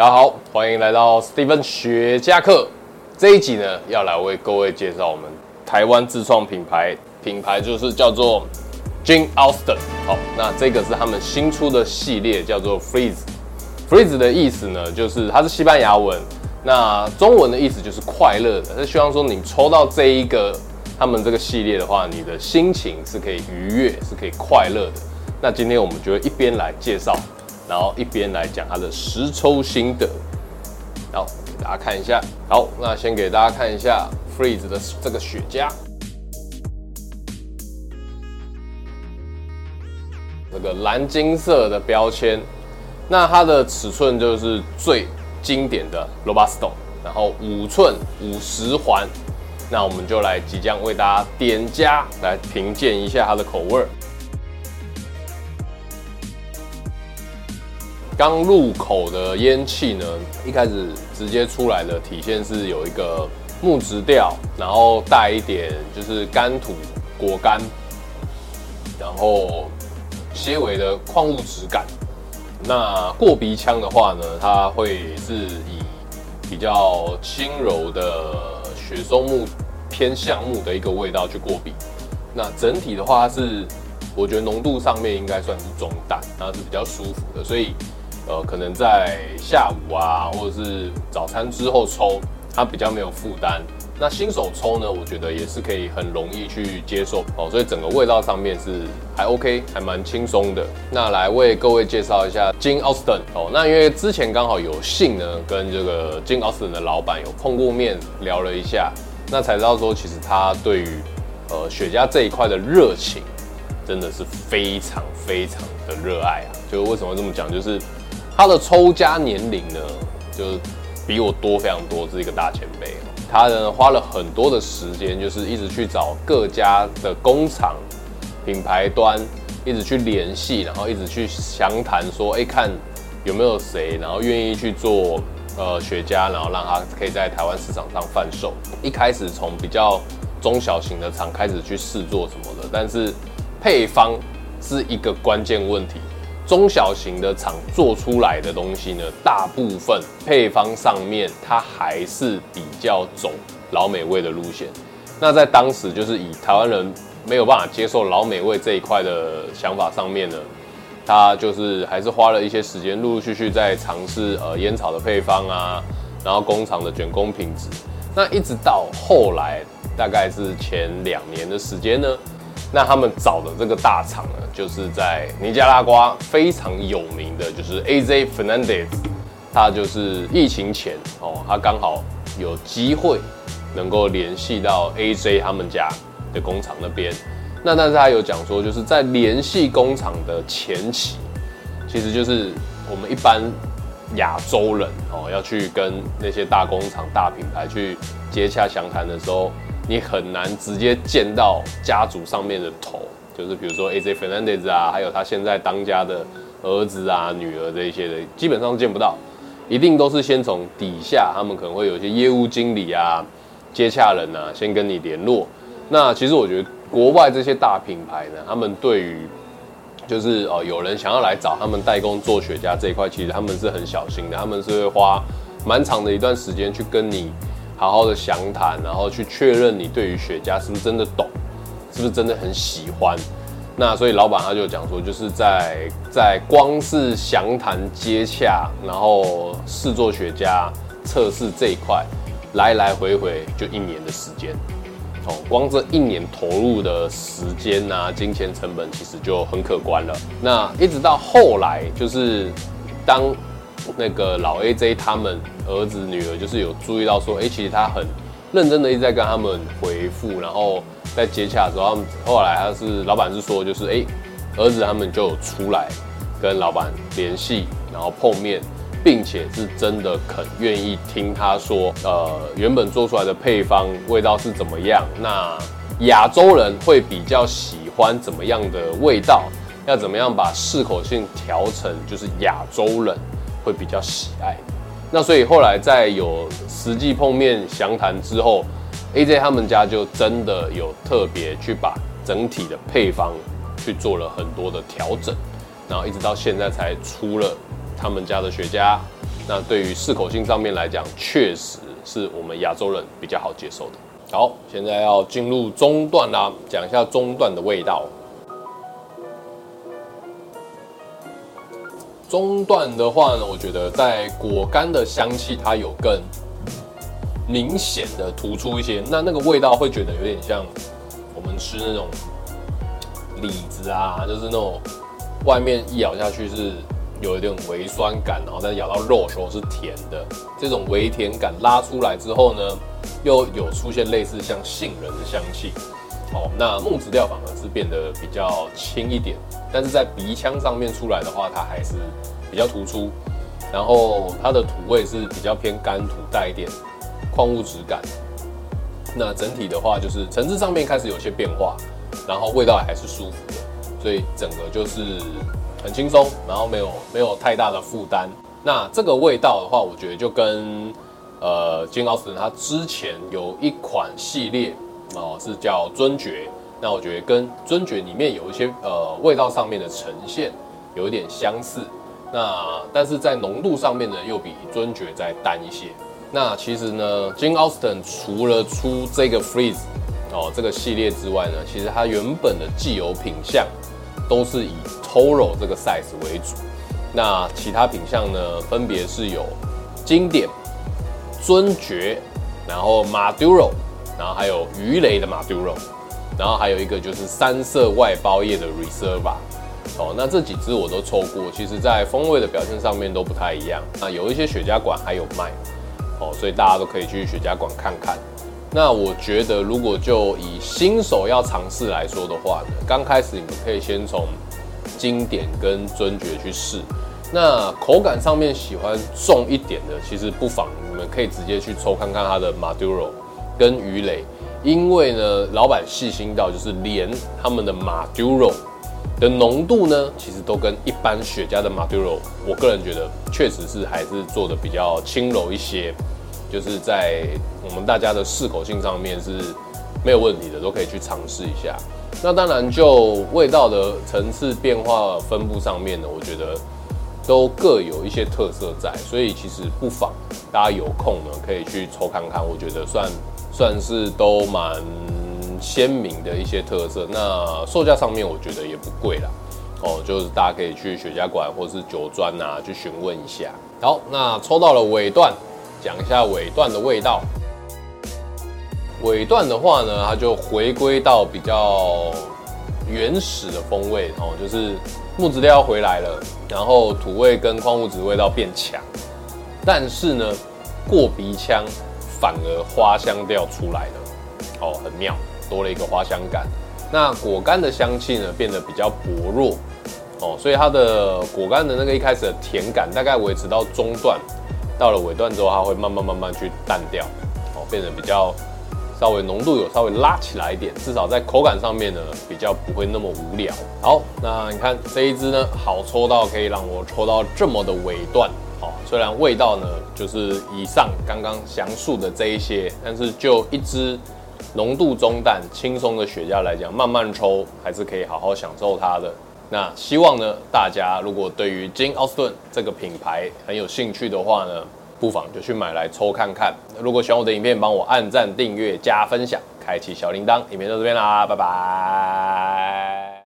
大家好，歡迎來到 Steven 雪茄客。這一集呢，要來為各位介紹我們台灣自創品牌，品牌就是叫做 JIN·ALSTON。好，那這個是他們新出的系列，叫做 Feliz。Feliz 的意思呢，就是它是西班牙文，那中文的意思就是快樂的。那希望說你抽到這一個他們這個系列的話，你的心情是可以愉悅，是可以快樂的。那今天我們就會一邊來介紹。然後一邊來講它的實抽心得好，然後給大家看一下。好，那先給大家看一下 Feliz 的這個雪茄，這個藍金色的標籤。那它的尺寸就是最經典的 Robusto，然後五寸五十環。那我們就來即將為大家點茄來評鑑一下它的口味。剛入口的煙氣呢，一開始直接出來的體現是有一個木質調，然後帶一點就是乾土果乾，然後些微的礦物質感。那過鼻腔的話呢，它會是以比較輕柔的雪松木偏橡木的一個味道去過鼻。那整體的話是，我覺得濃度上面應該算是中淡，然後是比較舒服的，所以。呃，可能在下午啊，或者是早餐之後抽，它比較沒有負擔。那新手抽呢，我覺得也是可以很容易去接受哦。所以整個味道上面是還 OK，還蠻輕鬆的。那來為各位介紹一下 JIN·ALSTON 哦。那因為之前剛好有幸呢，跟這個 JIN·ALSTON 的老板有碰過面，聊了一下，那才知道說其實他對於呃雪茄這一塊的熱情真的是非常非常的熱愛啊。就是為什麼這麼講，就是。他的抽茄年齡呢，就比我多非常多，是一個大前輩。他呢，花了很多的時間，就是一直去找各家的工廠、品牌端，一直去聯繫，然後一直去詳談說，說，哎看有沒有誰然後願意去做呃雪茄，然後讓他可以在台灣市場上販售。一開始從比較中小型的廠開始去試做什麼的，但是配方是一個關鍵問題。中小型的廠做出來的東西呢，大部分配方上面它還是比較走老美味的路線。那在當時就是以台灣人沒有辦法接受老美味這一塊的想法上面呢，他就是還是花了一些時間，陸陸續續在嘗試呃煙草的配方啊，然後工廠的捲工品質。那一直到後來，大概是前兩年的時間呢。那他們找的這個大廠呢，就是在尼加拉瓜非常有名的就是 A.J. Fernandez，他就是疫情前哦，他剛好有機會能夠聯繫到 A.J. 他們家的工廠那邊。那但是他有講說，就是在聯繫工廠的前期，其實就是我們一般亞洲人哦，要去跟那些大工廠、大品牌去接洽詳談的時候，你很難直接見到家族上面的頭，就是比如說 AJ Fernandez 啊，還有他現在當家的兒子啊、女兒這一些的，基本上見不到，一定都是先從底下，他們可能會有一些業務經理啊、接洽人啊，先跟你聯絡。那其實我覺得國外這些大品牌呢，他們對於就是哦，有人想要來找他們代工做雪茄這一塊，其實他們是很小心的，他們是會花蠻長的一段時間去跟你。好好的詳談，然後去確認你對於雪茄是不是真的懂，是不是真的很喜歡。那所以老闆他就講說，就是在在光是詳談接洽，然後試做雪茄測試這一塊，來來回回就一年的時間，光這一年投入的時間吶，啊，金錢成本其實就很可觀了。那一直到後來，就是當。那個老 AJ 他們兒子女兒就是有注意到說，哎、欸，其實他很認真的一直在跟他們回復，然後在接洽的時候，他們後來他是老板是說，就是哎、欸，兒子他們就出來跟老板聯繫，然後碰面，並且是真的肯願意聽他說，呃，原本做出來的配方味道是怎麼樣，那亞洲人會比較喜歡怎麼樣的味道，要怎麼樣把適口性調成就是亞洲人。會比較喜愛，那所以後來在有實際碰面詳談之後，AJ 他們家就真的有特別去把整體的配方去做了很多的調整，然後一直到現在才出了他們家的雪茄。那對於適口性上面來講，確實是我們亞洲人比較好接受的。好，現在要進入中段啦，講一下中段的味道。中段的話呢，我覺得在果乾的香氣它有更明顯的突出一些，那那個味道會覺得有點像我們吃那種李子啊，就是那種外面一咬下去是有一點微酸感，然後但是咬到肉的時候是甜的，這種微甜感拉出來之後呢，又有出現類似像杏仁的香氣。哦，那木質調反而是變得比較輕一點，但是在鼻腔上面出來的話，它還是比較突出。然後它的土味是比較偏乾土，帶一點礦物質感。那整體的話，就是層次上面開始有些變化，然後味道還，還是舒服的，所以整個就是很輕鬆，然後沒有沒有太大的負擔。那這個味道的話，我覺得就跟呃金奧斯他之前有一款系列。哦，是叫尊爵，那我覺得跟尊爵裡面有一些呃味道上面的呈現有一點相似，那但是在濃度上面呢，又比尊爵再淡一些。那其實呢 JIN·ALSTON 除了出這個 Feliz 哦這個系列之外呢，其實它原本的既有品項都是以 Toro 這個 size 為主，那其他品項呢，分別是有經典尊爵，然後 Maduro。然後還有魚雷的馬杜羅，然後還有一個就是三色外包葉的 Reserva，哦，那這幾支我都抽過，其實在風味的表現上面都不太一樣。那有一些雪茄館還有賣，所以大家都可以去雪茄館看看。那我覺得如果就以新手要嘗試來說的話呢，剛開始你們可以先從經典跟尊爵去試。那口感上面喜歡重一點的，其實不妨你們可以直接去抽看看它的馬杜羅。跟魚雷，因為呢，老闆細心到就是連他們的馬杜羅的濃度呢，其實都跟一般雪茄的馬杜羅。我個人覺得確實是還是做得比較輕柔一些，就是在我們大家的適口性上面是沒有問題的，都可以去嘗試一下。那當然就味道的層次變化分布上面呢，我覺得。都各有一些特色在，所以其實不妨大家有空呢可以去抽看看，我覺得算算是都蠻鮮明的一些特色。那售價上面我覺得也不貴啦，哦，就是大家可以去雪茄館或是酒莊啊去詢問一下。好，那抽到了尾段，講一下尾段的味道。尾段的話呢，它就回歸到比較原始的風味哦，就是木質都要回來了。然後土味跟礦物質味道變強，但是呢，過鼻腔反而花香調出來了，哦，很妙，多了一個花香感。那果乾的香氣呢，變得比較薄弱，哦，所以它的果乾的那個一開始的甜感，大概維持到中段，到了尾段之後，它會慢慢慢慢去淡掉，哦，變得比較。稍微濃度有稍微拉起來一點，至少在口感上面呢，比較不會那麼無聊。好，那你看這一支呢，好抽到可以讓我抽到這麼的尾段。好，雖然味道呢就是以上剛剛詳述的這一些，但是就一支濃度中淡輕鬆的雪茄來講，慢慢抽還是可以好好享受它的。那希望呢，大家如果對於金奧斯頓這個品牌很有興趣的話呢。不妨就去買來抽看看。如果喜歡我的影片，幫我按讚、訂閱、加分享，開啟小鈴鐺。影片到這邊啦，拜拜。